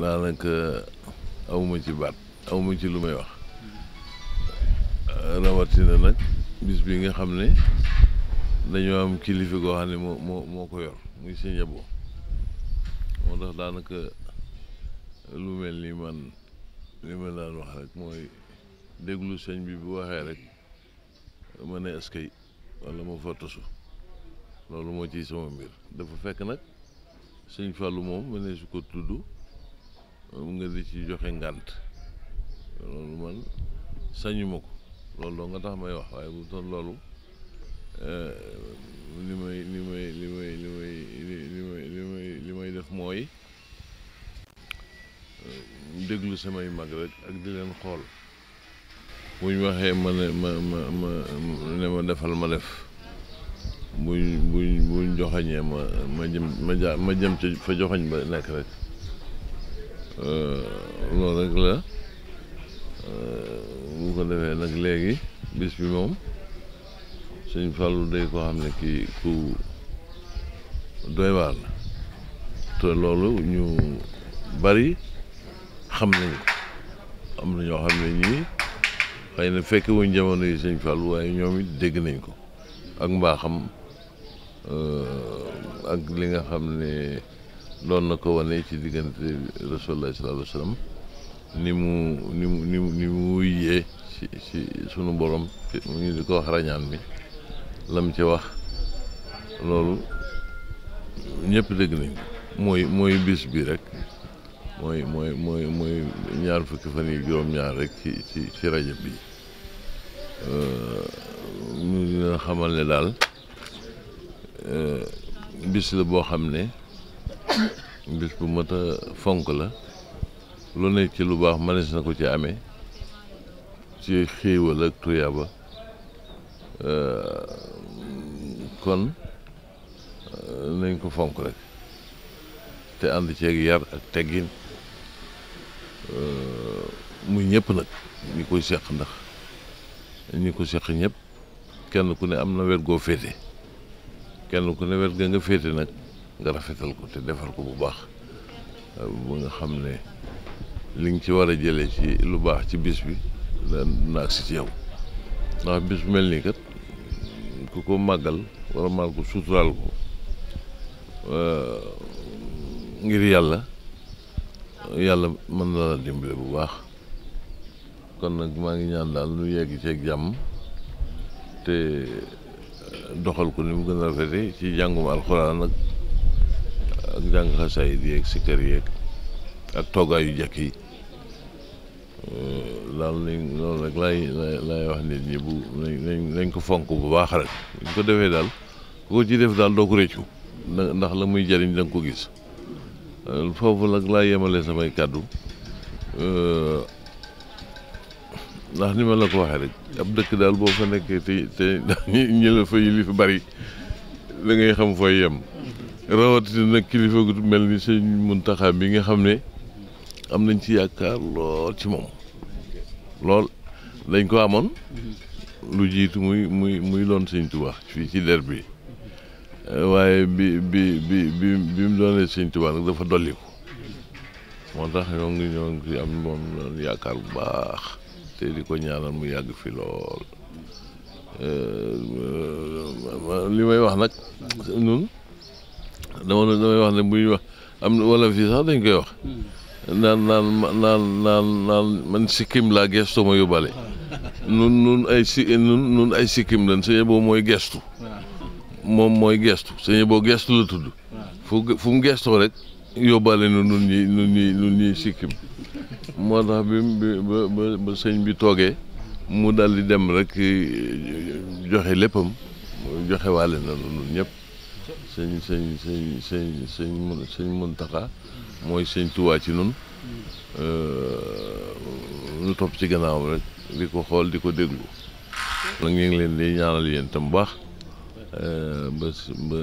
daanaka awma ci baat awma ci lu may wax euh, rawatina nag bis bi nga xam ne dañoo am kilifa goo ne moo moo ko yor muy sëñ Abo moo tax daanaka lu mel ni man li ma daan wax rek mooy déglu sëñ bi bu waxee rek mën ne askay wala ma fa tasu loolu moo ciy sama mbir dafa fekk nag sëñ Fallou moom ma ne su ko tudd nga di ci joxe ngànt loolu man sañu ma ko loolu nga tax may wax waaye bu doon loolu eh, li may li may li may li may li li may def mooy eh, déglu samay mag rek ak di leen xool buñ waxee ma ne ma ma ma ne ma defal ma def buñ buñ buñ joxañee ma ma jëm ma ja ma jëm ca fa joxañ ba nekk rek Euh, loolu rek la euh, bu ko defee nag léegi bis bi moom sëñ Fallou day koo xam ne ki ku doy waar la te loolu ñu bari xam nañu am na ñoo xam ne ñii xëy na fekke wuñ jamono yi sëñ Fallou waaye ñoom it dégg nañ ko ak mbaaxam euh, ak li nga xam ne loolu na ko wane ci diggante rasulullah sallallahu alayhi wa sallam ni mu ni mu ni mu ni mu wuyee ci ci sunu borom mu ñu di ko wax rañaan bi lam ci wax loolu ñëpp dégg nañ mooy mooy bis bi rek mooy mooy mooy mooy ñaar fukki fan yi juróom-ñaar rek ci ci ci rajab bi ñu dina xamal ne daal eh, bis la boo xam ne bis bu mat a fonk la lu ne ci lu baax mënees na ko ci amee ci xéewal ak tuyaaba kon nañ ko fonk rek te ànd ceeg yar ak teggin muy ñëpp nag ñi koy seq ndax ñi ko seq ñëpp kenn ku ne am na wet goo féete kenn ku ne wet ga nga féete nag nga rafetal ko te defar ko bu baax bu nga xam ne li nga ci war a jëlee ci lu baax ci bis bi dana si ci yow ndax bis bu mel nii kat ku ko màggal war a màggal ko suturaal ko euh, ngir yàlla yàlla mën na la dimbale bu baax kon nag maa ngi ñaan daal nu yegg ci ak jàmm te euh, doxal ko ni mu gën a rafete ci jàngum alxuraan nag ak njàng xasaayid yeeg si kër yeeg ak toggaayu jëkk yi loolu lañ loolu rek laay laay wax nit ñi bu nañ nañ ko fonk bu baax rek ñu ko defee daal ku ko ci def daal doo ko réccu ndax la muy jariñ da ko gis foofu nag laay yemale samay kàddu ndax ni ma la ko waxee rek ab dëkk daal boo fa nekkee te te ñi la fa yi li fi bari da ngay xam fooy yem rawatina nag kilifa gu mel ni sëñ Muntaxa bi nga xam ne am nañ ci yaakaar lool ci moom lool dañ ko amoon lu jiitu muy muy muy doon sëñ Tuubaa fii ci der bi waaye bi bi bi bi mu doonee sëñ Tuubaa nag dafa dolli ko moo tax ñoo ngi ñoo ngi am moom loolu yaakaar bu baax te di ko ñaanal mu yàgg fi lool euh, euh, li may wax nag ñun dama damay wax ne buy wax am wala fii sax dañ koy wax naan naan naan naan man sikkim laa gestu ma yóbbaale nun nun ay si nun nun sikkim lan sëñ boo mooy gestu moom mooy gestu sëñ boo gestu la tudd fu fu mu gestoo rek yóbbaale nu nun ñi nun ñi nun ñi sikkim moo tax bi ba ba bi toogee mu daldi dem rek eh, joxe léppam joxe waale na nun ñëpp sëñ sëñ sëñ sëñ sëñ sëñ Muntaxa mooy sëñ Tuubaa ci nun nu euh, topp ci gannaawam rek di ko xool di ko déglu nag ñu leen di ñaanal yéen tam baax euh, ba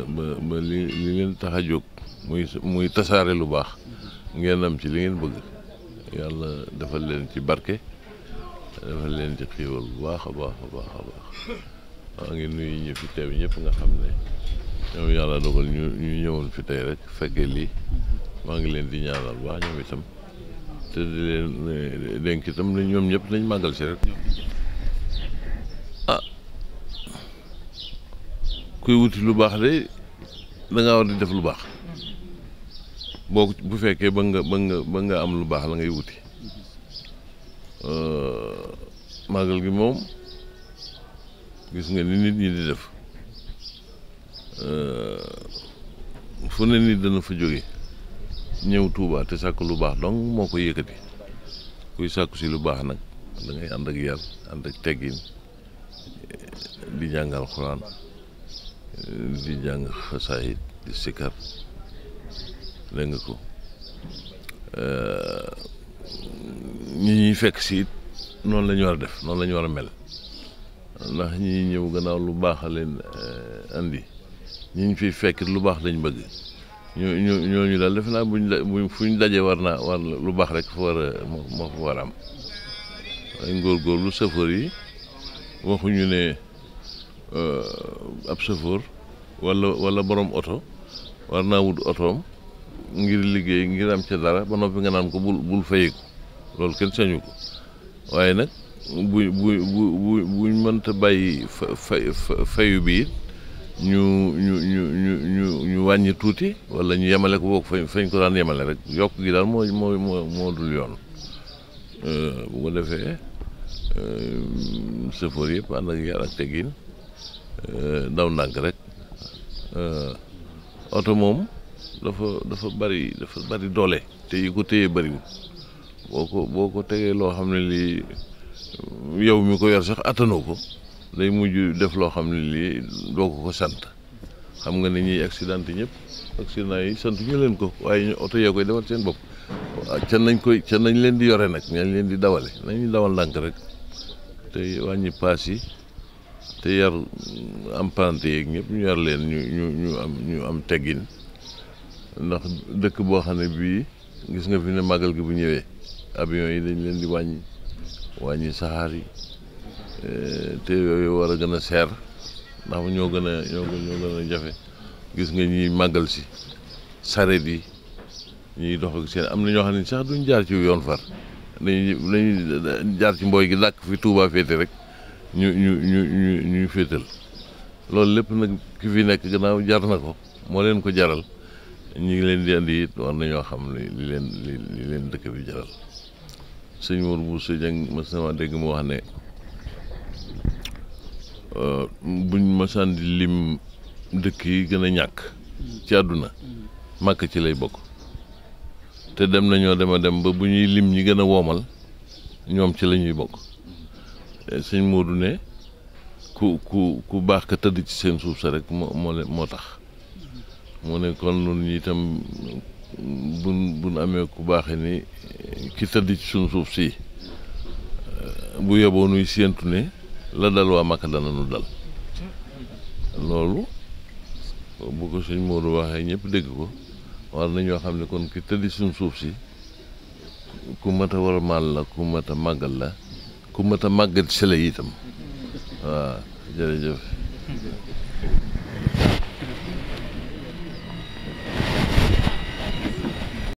ba ba li li leen tax a jóg muy tasaare lu baax ngeen am ci li ngeen bëgg yàlla defal leen ci barke defal leen ci xiiwal bu baax a baax a baax a ngi nuyu ñi fi teew ñëpp nga xam ne ñoom yàlla dogal ñu ñu ñëwoon fi tey rek fekkee lii maa ngi leen di ñaanal baax ñoom itam te di leen eh, dénk itam ne ñoom ñëpp nañ màggal si rek ah kuy wuti lu baax de da war di def lu baax boo bu fekkee ba nga ba nga ba nga am lu baax la ngay wuti euh, màggal gi moom gis nga ni nit ñi di def Euh, fu ne nit dana fa jóge ñëw Touba te sàkk lu baax donc moo ko yëkkati kuy sàkku si lu baax nag dangay ngay ànd ak yar ànd ak teggin di jàngal xuraan di jàng xasaayit di sikar dégg ko euh, ñi ñuy fekk si it noonu la ñu war a def noonu la ñu war a mel ndax ñi ñëw gannaaw lu baax a leen euh, andi. ñu ñu fiy fekk lu baax lañ bëgg ñoo ñoo ñooñu daal defe buñ buñ fu ñu dajee war naa war lu baax rek fa war a moo fa war a am ay ngóorgóorlu sëfoor yi waxuñu ne euh, ab sëfoor walla walla borom oto war naa wut otoom ngir liggéey ngir am ca dara ba noppi nga naan ko bul bul fayeeku loolu kenn sañu ko waaye nag bu bu buñ mënta bàyyi fa fayu bi ñu ñu ñu ñu ñu ñu wàññi tuuti wala ñu yemale ko boog fañ fañ ko daan yemale rek yokk gi daal moo moo moo moo dul yoon euh, bu ko defee sëfoor euh, yëpp ànd ak yar ak teggin euh, daw ndànk rek oto moom dafa dafa bari bari doole te yi ko téye bariwul boo ko boo ko tegee loo xam ne lii yow mi ko yor sax attanoo ko day mujj def loo xam ne lii doo ko ko sant xam nga ne ñuy accidenté ñëpp accident yi sant ñu leen ko waaye ñu oto yee koy defal seen bopp ca nañ koy ca nañ leen di yore nag ñañ leen di dawale nañu dawal ndànk rek te wàññi paas yi te yar emprunté yeeg ñëpp ñu yar leen ñu ñu ñu am ñu am teggin ndax dëkk boo xam ne bii gis nga fi ne màggal gi bu ñëwee avion yi dañ leen di wàññi wàññi saxaar yi Eh, te yooyu war a gën a seer ndax ñoo gën a ñoo gën a jafe gis nga ñuy màggal si sare yi ñuy dox ak seen am na ñoo xam ne sax duñ jaar ci yoon far dañuy dañuy jaar ci mbooy gi làkk fi Touba rek ñu ñu ñu ñu ñuy féetal loolu lépp nag ki fi nekk gannaaw jar na ko moo leen ko jaral ñi ngi leen di andi it war nañoo xam li leen li leen dëkk bi jaral sëñ Mour Bousso Dieng mës na ma dégg mu wax ne Euh, buñ masaan di lim dëkk yi gën a ñàkk ci àdduna màkk ci lay bokk te dem nañoo dem dem ba bu ñuy lim ñi gën a woomal ñoom ci lañuy ñuy bokk eh, sëñ Modou ne ku ku ku baax ka tëdd ci seen suuf sa rek moo moo leen moo tax mu ne kon nun itam bun buñ amee ku baaxe ni ki tëdd ci suñ suuf si eh, bu yeboo nuy séentu ne la dal waa Makka dana nu dal loolu bu ko sëñ Modou waxee ñëpp dégg ko war nañoo xam ne kon ki tëddi suñ suuf si ku mat a war maal la ku mat a màggal la ku mat a màggat si la itam waaw jërëjëf